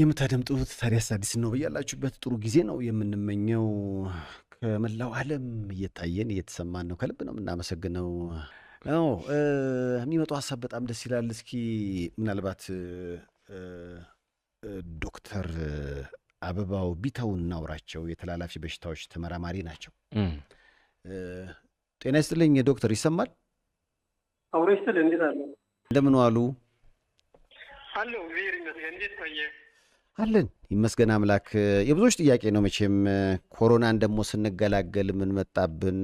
የምታደምጡት ታዲያስ አዲስ ነው። በያላችሁበት ጥሩ ጊዜ ነው የምንመኘው። ከመላው ዓለም እየታየን እየተሰማን ነው። ከልብ ነው የምናመሰግነው። ው የሚመጡ ሀሳብ በጣም ደስ ይላል። እስኪ ምናልባት ዶክተር አበባው ቢተው እናውራቸው የተላላፊ በሽታዎች ተመራማሪ ናቸው። ጤና ይስጥልኝ ዶክተር፣ ይሰማል? አብሮ ይስጥል። እንዴት አለ? እንደምን ዋሉ? አለው እግዚአብሔር ይመስገን። እንዴት ታየ? አለን ይመስገን አምላክ። የብዙዎች ጥያቄ ነው መቼም ኮሮናን ደግሞ ስንገላገል ምን መጣብን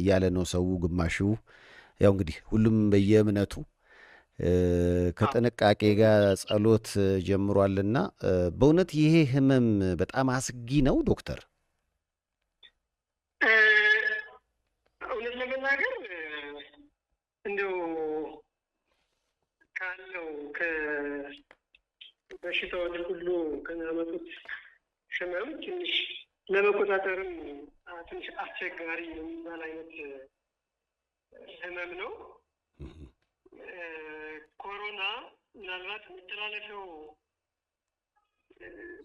እያለ ነው ሰው። ግማሹ ያው እንግዲህ ሁሉም በየእምነቱ ከጥንቃቄ ጋር ጸሎት ጀምሯልና በእውነት ይሄ ህመም በጣም አስጊ ነው ዶክተር። እውነት ለመናገር እንዲያው ካለው በሽታዎች ሁሉ ከሚያመጡት ሽመም ትንሽ ለመቆጣጠርም ትንሽ አስቸጋሪ የሚባል አይነት ህመም ነው። ኮሮና ምናልባት የሚተላለፈው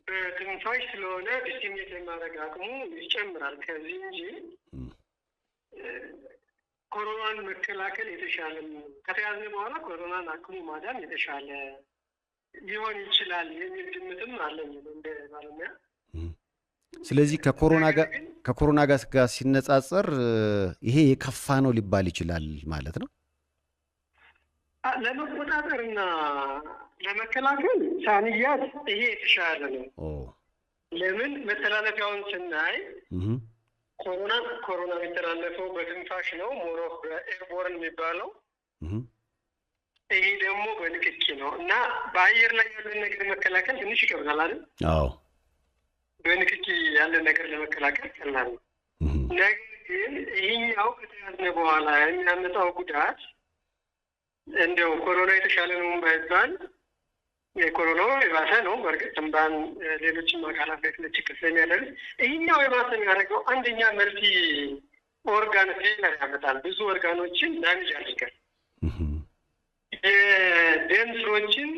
በትንፋሽ ስለሆነ ዲስቲንጌት የማድረግ አቅሙ ይጨምራል ከዚህ እንጂ ኮሮናን መከላከል የተሻለ ከተያዝነ በኋላ ኮሮናን አቅሙ ማዳን የተሻለ ሊሆን ይችላል የሚል ግምትም አለኝ እንደ ባለሙያ። ስለዚህ ከኮሮና ጋር ሲነጻጸር ይሄ የከፋ ነው ሊባል ይችላል ማለት ነው። ለመቆጣጠር እና ለመከላከል ሳንያት ይሄ የተሻለ ነው። ለምን መተላለፊያውን ስናይ ኮሮና ኮሮና የሚተላለፈው በትንፋሽ ነው። ሞሮ ኤርቦርን የሚባለው ይሄ ደግሞ በንክኪ ነው እና በአየር ላይ ያለን ነገር መከላከል ትንሽ ይከብዳል አይደል? አዎ በንክኪ ያለን ነገር ለመከላከል ቀላል ነው። ነገር ግን ይህኛው ከተያዝነ በኋላ የሚያመጣው ጉዳት እንደው ኮሮና የተሻለ ነው ባይባል የኮሮናው የባሰ ነው። በእርግጥ ትንባን፣ ሌሎችም አካላት ላይ ችግር ስለሚያደርስ ይህኛው የባሰ የሚያደርገው አንደኛ መልቲ ኦርጋን ፌለር ያመጣል። ብዙ ኦርጋኖችን ዳሜጅ አድርጋል። የደም ስሮችን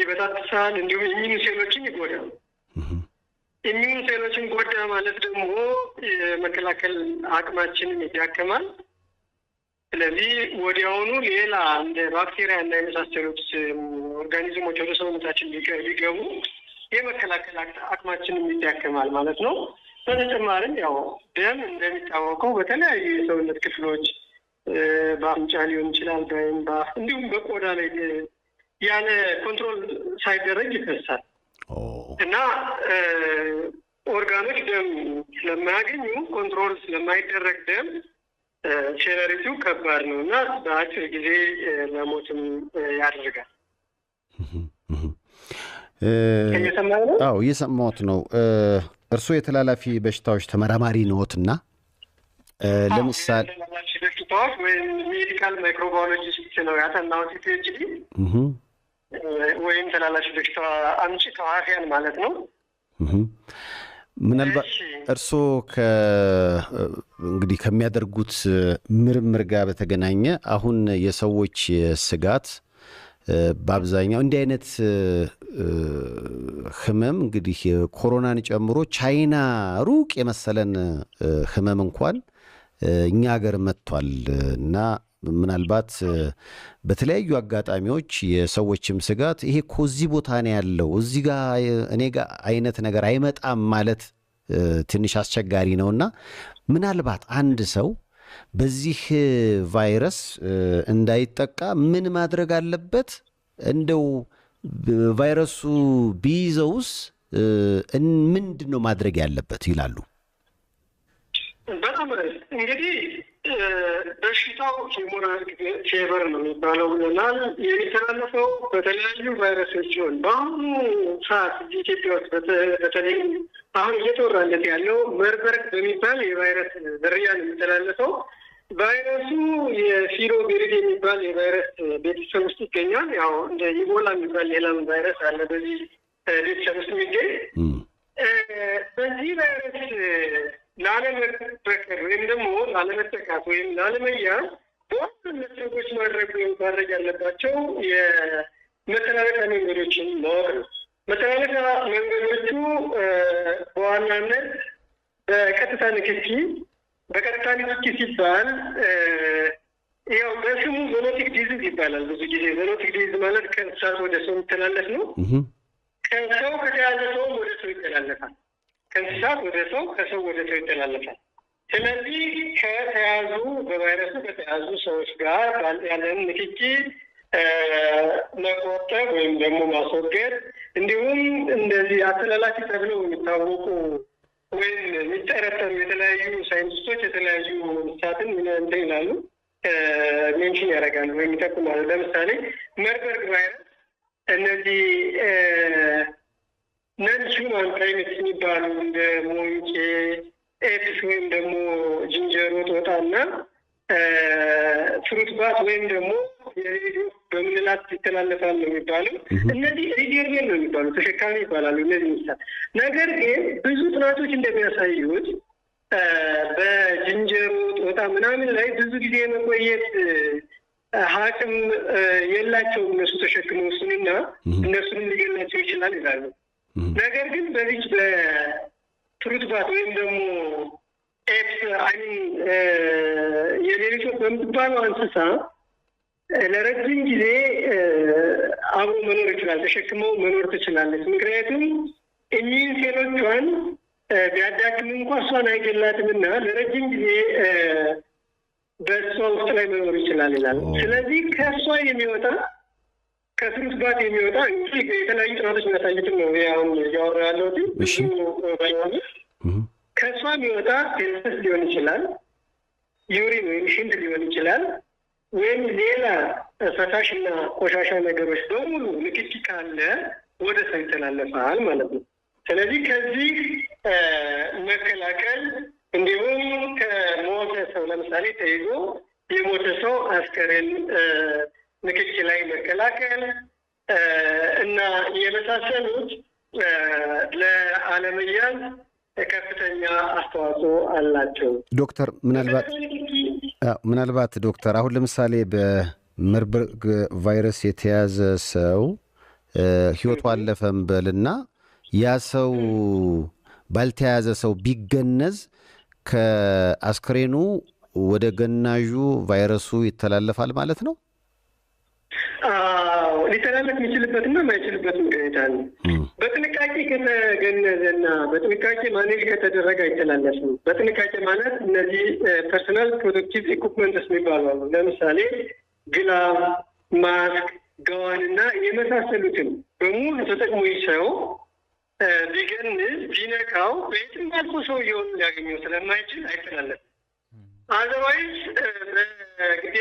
ይበታትሳል፣ እንዲሁም የሚኑ ሴሎችን ይጎዳል። የሚኑ ሴሎችን ጎዳ ማለት ደግሞ የመከላከል አቅማችንን ይዳከማል። ስለዚህ ወዲያውኑ ሌላ እንደ ባክቴሪያ እና የመሳሰሉት ኦርጋኒዝሞች ወደ ሰውነታችን ሊገቡ የመከላከል አቅማችንም ይዳከማል ማለት ነው። በተጨማሪም ያው ደም እንደሚታወቀው በተለያዩ የሰውነት ክፍሎች በአፍንጫ ሊሆን ይችላል፣ በእንባ እንዲሁም በቆዳ ላይ ያለ ኮንትሮል ሳይደረግ ይፈሳል እና ኦርጋኖች ደም ስለማያገኙ ኮንትሮል ስለማይደረግ ደም ሴነሪቱ ከባድ ነው እና በአጭር ጊዜ ለሞትም ያደርጋል። አዎ እየሰማሁት ነው። እርስዎ የተላላፊ በሽታዎች ተመራማሪ ነዎትና ለምሳሌ ሆስፒታል ወይም ሜዲካል ማይክሮባዮሎጂስት ነው ያጠናሁት ፒኤችዲ ወይም ተላላፊ በሽታ አምጪ ተዋፊያን ማለት ነው። ምናልባት እርስዎ እንግዲህ ከሚያደርጉት ምርምር ጋር በተገናኘ አሁን የሰዎች ስጋት በአብዛኛው እንዲህ አይነት ህመም እንግዲህ ኮሮናን ጨምሮ ቻይና ሩቅ የመሰለን ህመም እንኳን እኛ ሀገር መጥቷል እና ምናልባት በተለያዩ አጋጣሚዎች የሰዎችም ስጋት ይሄ እኮ እዚህ ቦታ ነው ያለው እዚህ ጋ እኔ ጋ አይነት ነገር አይመጣም ማለት ትንሽ አስቸጋሪ እና ምናልባት አንድ ሰው በዚህ ቫይረስ እንዳይጠቃ ምን ማድረግ አለበት? እንደው ቫይረሱ ቢይዘውስ ምንድን ነው ማድረግ ያለበት ይላሉ። በጣም እንግዲህ በሽታው ሄሞራጂክ ፌቨር ነው የሚባለው ብለናል። የሚተላለፈው በተለያዩ ቫይረሶች ሲሆን በአሁኑ ሰዓት ኢትዮጵያ ውስጥ በተለይ አሁን እየተወራለት ያለው መርበርግ በሚባል የቫይረስ ዝርያ ነው የሚተላለፈው። ቫይረሱ የፊሎ ቢሪድ የሚባል የቫይረስ ቤተሰብ ውስጥ ይገኛል። ያው እንደ ኢቦላ የሚባል ሌላም ቫይረስ አለ በዚህ ቤተሰብ ውስጥ የሚገኝ በዚህ ቫይረስ ለአለም ላለመጠቃት ወይም ላለመያ ሰዎች ማድረግ ማድረግ ያለባቸው የመተላለፊያ መንገዶችን ማወቅ ነው። መተላለፊያ መንገዶቹ በዋናነት በቀጥታ ንክኪ፣ በቀጥታ ንክኪ ሲባል ያው በስሙ ዘኖቲክ ዲዝዝ ይባላል። ብዙ ጊዜ ዘኖቲክ ዲዝዝ ማለት ከእንስሳት ወደ ሰው የሚተላለፍ ነው። ከሰው ከተያዘ ሰው ወደ ሰው ይተላለፋል። ከእንስሳት ወደ ሰው፣ ከሰው ወደ ሰው ይተላለፋል። ስለዚህ ከተያዙ በቫይረሱ ከተያዙ ሰዎች ጋር ያለን ንክኪ መቆጠብ ወይም ደግሞ ማስወገድ እንዲሁም እንደዚህ አተላላፊ ተብለው የሚታወቁ ወይም የሚጠረጠሩ የተለያዩ ሳይንቲስቶች የተለያዩ እንስሳትን እንትን ይላሉ ሜንሽን ያደርጋሉ ወይም ይጠቁማሉ። ለምሳሌ መርበርግ ቫይረስ እነዚህ ነን ሂውማን ፕራይሜትስ የሚባሉ እንደ ሞንቼ ኤፕስ ወይም ደግሞ ዝንጀሮ ትወጣና ፍሩት ባት ወይም ደግሞ በምንላት ይተላለፋል ነው የሚባለው። እነዚህ ሪዲየርቤል ነው የሚባሉ ተሸካሚ ይባላሉ። እነዚህ እንስሳት ነገር ግን ብዙ ጥናቶች እንደሚያሳዩት በዝንጀሮ ጦጣ ምናምን ላይ ብዙ ጊዜ የመቆየት አቅም የላቸው እነሱ ተሸክመው እሱንና እነሱንም ሊገላቸው ይችላል ይላሉ። ነገር ግን በዚች ትሩትባት ወይም ደግሞ ኤፕስ አይ የሌሊት ወፍ በምትባለው እንስሳ ለረጅም ጊዜ አብሮ መኖር ይችላል፣ ተሸክመው መኖር ትችላለች። ምክንያቱም እኒህን ሴሎቿን ቢያዳክም እንኳ እሷን አይገላትም እና ለረጅም ጊዜ በእሷ ውስጥ ላይ መኖር ይችላል ይላል። ስለዚህ ከእሷ የሚወጣ ከስሩ ባት የሚወጣ የተለያዩ ጥናቶች የሚያሳዩት ነው አሁን እያወራ ያለሁት። ከእሷ የሚወጣ ፌስስ ሊሆን ይችላል፣ ዩሪን ወይም ሽንት ሊሆን ይችላል፣ ወይም ሌላ ፈሳሽና ቆሻሻ ነገሮች በሙሉ ንክኪ ካለ ወደ ሰው ይተላለፋል ማለት ነው። ስለዚህ ከዚህ መከላከል እንዲሁም ከሞተ ሰው ለምሳሌ ተይዞ የሞተ ሰው አስከሬን ንክኪ ላይ መከላከል እና የመሳሰሉት ለአለመያዝ ከፍተኛ አስተዋጽኦ አላቸው። ዶክተር ምናልባት ምናልባት ዶክተር አሁን ለምሳሌ በመርበርግ ቫይረስ የተያዘ ሰው ህይወቱ አለፈም በልና ያ ሰው ባልተያዘ ሰው ቢገነዝ ከአስክሬኑ ወደ ገናዡ ቫይረሱ ይተላለፋል ማለት ነው? ሊተላለፍ የሚችልበትና የማይችልበት ሁኔታ ነው። በጥንቃቄ ከተገነዘና በጥንቃቄ ማኔጅ ከተደረገ አይተላለፍም። በጥንቃቄ ማለት እነዚህ ፐርሰናል ፕሮቴክቲቭ ኢኩፕመንትስ የሚባሉ አሉ። ለምሳሌ ግላቭ፣ ማስክ፣ ጋዋንና የመሳሰሉትን በሙሉ ተጠቅሞ ሰው ቢገንዝ ቢነካው በየትም ሰው እየሆኑ ሊያገኘው ስለማይችል አይተላለፍም። አዘርዋይዝ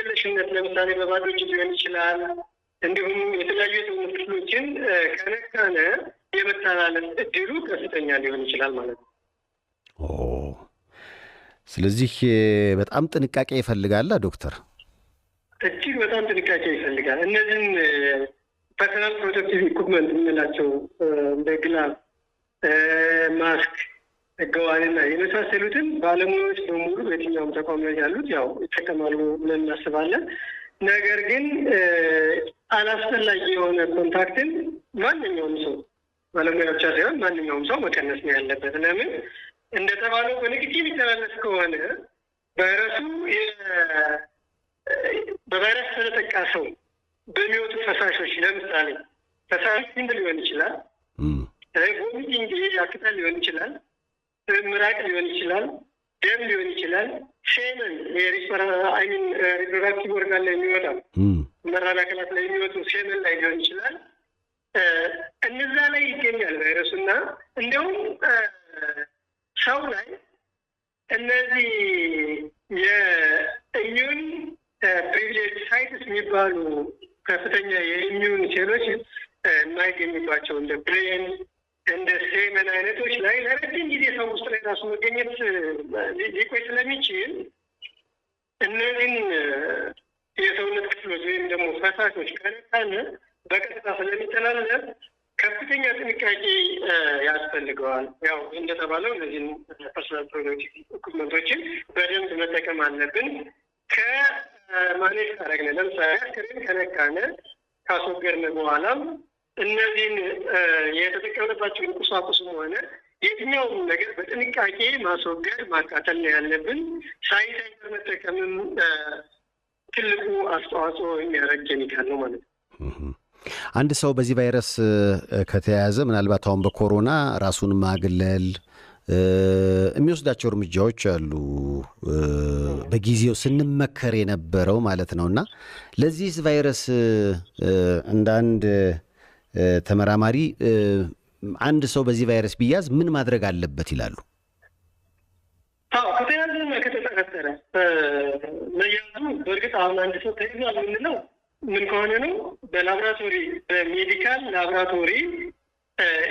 የለሽነት ለምሳሌ በባዶ እጅ ሊሆን ይችላል። እንዲሁም የተለያዩ የሰውነት ክፍሎችን ከነካነ የመተላለፍ እድሉ ከፍተኛ ሊሆን ይችላል ማለት ነው። ስለዚህ በጣም ጥንቃቄ ይፈልጋል ዶክተር፣ እጅግ በጣም ጥንቃቄ ይፈልጋል። እነዚህን ፐርሰናል ፕሮቴክቲቭ ኢኩፕመንት የምንላቸው እንደ ግላ ማስክ ህገወጥነትና የመሳሰሉትን ባለሙያዎች በሙሉ በየትኛውም ተቋም ላይ ያሉት ያው ይጠቀማሉ ብለን እናስባለን። ነገር ግን አላስፈላጊ የሆነ ኮንታክትን ማንኛውም ሰው ባለሙያ ብቻ ሳይሆን ማንኛውም ሰው መቀነስ ነው ያለበት። ለምን እንደተባለው በንክኪ የሚተላለፍ ከሆነ ቫይረሱ በቫይረስ ተጠቃ ሰው በሚወጡ ፈሳሾች ለምሳሌ ፈሳሽ ሊሆን ይችላል፣ ቮሚቲንግ አክታ ሊሆን ይችላል ምራቅ ሊሆን ይችላል፣ ደም ሊሆን ይችላል። ሼመን ሚን ሪፕሮዳክቲቭ ኦርጋን ላይ የሚወጣ መራራ አካላት ላይ የሚወጡ ሼመን ላይ ሊሆን ይችላል። እነዛ ላይ ይገኛል ቫይረሱ እና እንዲሁም ሰው ላይ እነዚህ የኢሚዩን ፕሪቪሌጅ ሳይትስ የሚባሉ ከፍተኛ የኢሚዩን ሴሎች የማይገኝባቸው እንደ ብሬን እንደሱ የምን አይነቶች ላይ ለረጅም ጊዜ ሰው ውስጥ ላይ ራሱ መገኘት ሊቆይ ስለሚችል እነዚህን የሰውነት ክፍሎች ወይም ደግሞ ፈሳሾች ከነካን በቀጥታ ስለሚተላለፍ ከፍተኛ ጥንቃቄ ያስፈልገዋል። ያው እንደተባለው እነዚህን ፐርሶናል ፕሮዳክቲቭ ኢኩፕመንቶችን በደንብ መጠቀም አለብን። ከማኔጅ ካረግነ ለምሳሌ አስክሬን ከነካነ ካስወገድነ በኋላም እነዚህን የተጠቀምንባቸውን ቁሳቁስም ሆነ የትኛውም ነገር በጥንቃቄ ማስወገድ ማቃጠል ነው ያለብን። ሳይታይዘር መጠቀምም ትልቁ አስተዋጽኦ የሚያደርግ ኬሚካል ነው ማለት ነው። አንድ ሰው በዚህ ቫይረስ ከተያያዘ ምናልባት አሁን በኮሮና ራሱን ማግለል የሚወስዳቸው እርምጃዎች አሉ፣ በጊዜው ስንመከር የነበረው ማለት ነው እና ለዚህ ቫይረስ እንደ አንድ ተመራማሪ አንድ ሰው በዚህ ቫይረስ ቢያዝ ምን ማድረግ አለበት ይላሉ? አዎ ከተያዘ ከተጠረጠረ መያዙ በእርግጥ አሁን አንድ ሰው ተይዟል የምንለው ምን ከሆነ ነው? በላብራቶሪ በሜዲካል ላብራቶሪ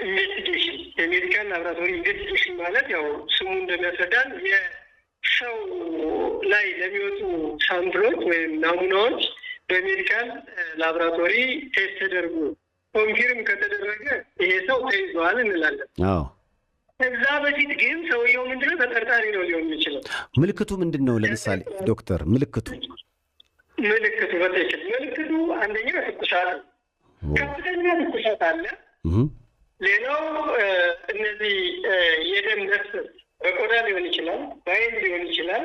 ኢንቨስቲጌሽን የሜዲካል ላብራቶሪ ኢንቨስቲጌሽን ማለት ያው ስሙ እንደሚያስረዳን የሰው ላይ ለሚወጡ ሳምፕሎች ወይም ናሙናዎች በሜዲካል ላብራቶሪ ቴስት ተደርጎ ኮንፊርም ከተደረገ ይሄ ሰው ተይዘዋል እንላለን። እዛ በፊት ግን ሰውየው ምንድነው ተጠርጣሪ ነው ሊሆን የሚችለው። ምልክቱ ምንድን ነው? ለምሳሌ ዶክተር ምልክቱ ምልክቱ በትክክል ምልክቱ አንደኛ ትኩሳት ከፍተኛ ትኩሳት አለ። ሌላው እነዚህ የደም መፍሰስ በቆዳ ሊሆን ይችላል፣ በአይን ሊሆን ይችላል፣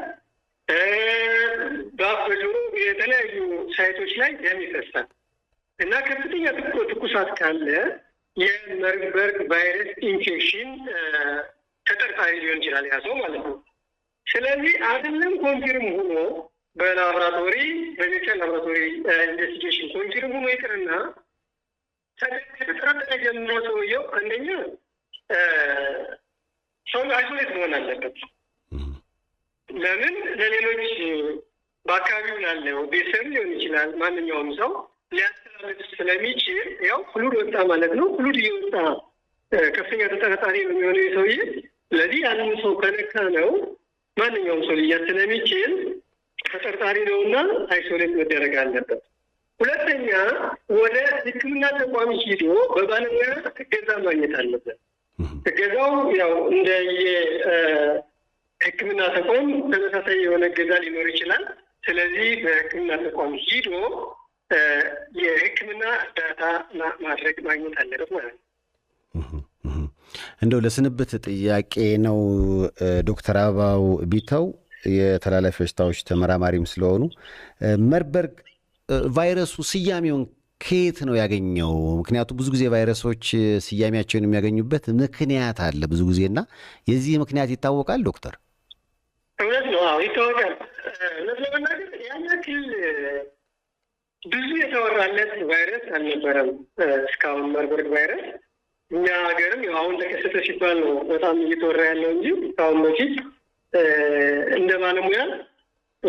በአፍ በጆሮ የተለያዩ ሳይቶች ላይ ደም ይፈሳል። እና ከፍተኛ ትኩሳት ካለ የመርበርግ ቫይረስ ኢንፌክሽን ተጠርጣሪ ሊሆን ይችላል ያ ሰው ማለት ነው። ስለዚህ አይደለም ኮንፊርም ሆኖ በላቦራቶሪ በሜዲካል ላቦራቶሪ ኢንቨስቲጌሽን ኮንፊርም ሆኖ ይቅርና ከተጠረጠረ ጀምሮ ሰውየው አንደኛ ሰው አይሶሌት መሆን አለበት። ለምን ለሌሎች በአካባቢው ላለው ቤተሰብ ሊሆን ይችላል ማንኛውም ሰው ሊያስተላልፍ ስለሚችል ያው ፍሉድ ወጣ ማለት ነው። ፍሉድ እየወጣ ከፍተኛ ተጠርጣሪ የሚሆነው የሰውዬ ስለዚህ ያንን ሰው ከነካ ነው ማንኛውም ሰው ልያ ስለሚችል ተጠርጣሪ ነውና አይሶሌት መደረግ አለበት። ሁለተኛ ወደ ሕክምና ተቋም ሂዶ በባለሙያ እገዛ ማግኘት አለበት። እገዛው ያው እንደ ሕክምና ተቋም ተመሳሳይ የሆነ እገዛ ሊኖር ይችላል። ስለዚህ በሕክምና ተቋም ሂዶ እርዳታ ማድረግ ማግኘት አለበት ማለት ነው። እንደው ለስንብት ጥያቄ ነው ዶክተር አበባው ቢተው የተላላፊ በሽታዎች ተመራማሪም ስለሆኑ መርበርግ ቫይረሱ ስያሜውን ከየት ነው ያገኘው? ምክንያቱ ብዙ ጊዜ ቫይረሶች ስያሜያቸውን የሚያገኙበት ምክንያት አለ ብዙ ጊዜ እና የዚህ ምክንያት ይታወቃል ዶክተር? እውነት ነው ይታወቃል። እውነት ለመናገር ያን ያክል ብዙ የተወራለት ቫይረስ አልነበረም እስካሁን መርበርግ ቫይረስ። እኛ ሀገርም አሁን ተከሰተ ሲባል ነው በጣም እየተወራ ያለው እንጂ እስካሁን በፊት እንደ ባለሙያ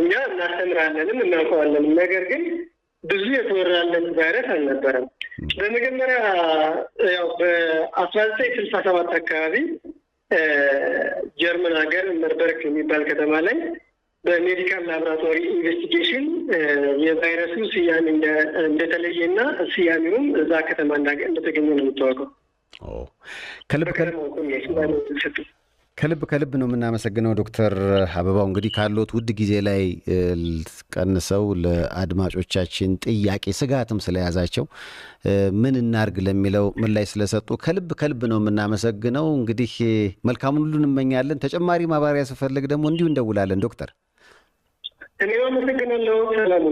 እኛ እናስተምራለንም እናውቀዋለን። ነገር ግን ብዙ የተወራለት ቫይረስ አልነበረም። በመጀመሪያ ያው በአስራ ዘጠኝ ስልሳ ሰባት አካባቢ ጀርመን ሀገር መርበርግ የሚባል ከተማ ላይ በሜዲካል ላብራቶሪ ኢንቨስቲጌሽን የቫይረሱ ስያሜ እንደተለየ እና ስያሜውም እዛ ከተማ እንደተገኘ ነው የምታወቀው ከልብ ከልብ ነው የምናመሰግነው ዶክተር አበባው እንግዲህ ካሎት ውድ ጊዜ ላይ ቀንሰው ለአድማጮቻችን ጥያቄ ስጋትም ስለያዛቸው ምን እናርግ ለሚለው ምን ላይ ስለሰጡ ከልብ ከልብ ነው የምናመሰግነው። እንግዲህ መልካሙን ሁሉ እንመኛለን። ተጨማሪ ማባሪያ ስፈልግ ደግሞ እንዲሁ እንደውላለን ዶክተር እኔ አመሰግናለሁ። ሰላም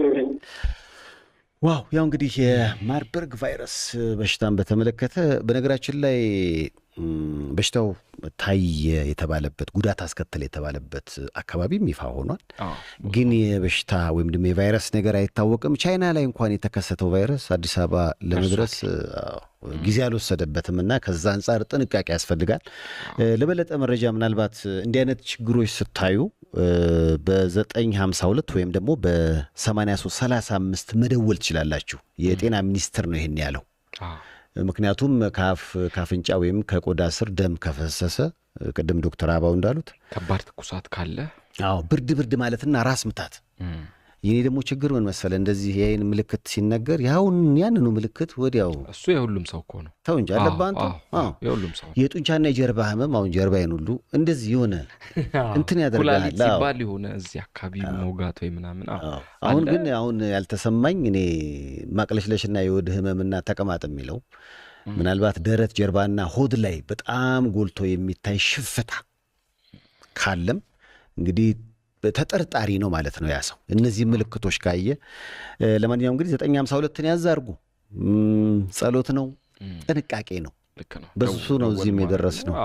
ዋው ያው እንግዲህ የማርበርግ ቫይረስ በሽታን በተመለከተ በነገራችን ላይ በሽታው ታየ የተባለበት ጉዳት አስከተለ የተባለበት አካባቢም ይፋ ሆኗል። ግን የበሽታ ወይም ደሞ የቫይረስ ነገር አይታወቅም። ቻይና ላይ እንኳን የተከሰተው ቫይረስ አዲስ አበባ ለመድረስ ጊዜ አልወሰደበትም እና ከዛ አንጻር ጥንቃቄ ያስፈልጋል። ለበለጠ መረጃ ምናልባት እንዲህ አይነት ችግሮች ስታዩ በ952 ወይም ደግሞ በ8335 መደወል ትችላላችሁ። የጤና ሚኒስቴር ነው ይህን ያለው። ምክንያቱም ከአፍ ከአፍንጫ ወይም ከቆዳ ስር ደም ከፈሰሰ ቅድም ዶክተር አባው እንዳሉት ከባድ ትኩሳት ካለ አዎ ብርድ ብርድ ማለትና ራስ ምታት የኔ ደግሞ ችግር ምን መሰለ፣ እንደዚህ የአይን ምልክት ሲነገር ያሁን ያንኑ ምልክት ወዲያው እሱ የሁሉም ሰው እኮ ነው። ተው እንጂ አለብህ አንተ። የሁሉም ሰው የጡንቻና የጀርባ ህመም፣ አሁን ጀርባዬን ሁሉ እንደዚህ የሆነ እንትን ያደርጋል ሲባል የሆነ እዚህ አካባቢ መውጋት ወይ ምናምን። አሁን ግን አሁን ያልተሰማኝ እኔ ማቅለሽለሽና የወድ ህመምና ተቀማጥ የሚለው ምናልባት ደረት ጀርባና ሆድ ላይ በጣም ጎልቶ የሚታይ ሽፍታ ካለም እንግዲህ ተጠርጣሪ ነው ማለት ነው ያ ሰው እነዚህ ምልክቶች ካየ። ለማንኛውም እንግዲህ ዘጠኝ ሀምሳ ሁለትን ያዝ አድርጉ። ጸሎት ነው፣ ጥንቃቄ ነው። በሱ ነው እዚህም የደረስ ነው።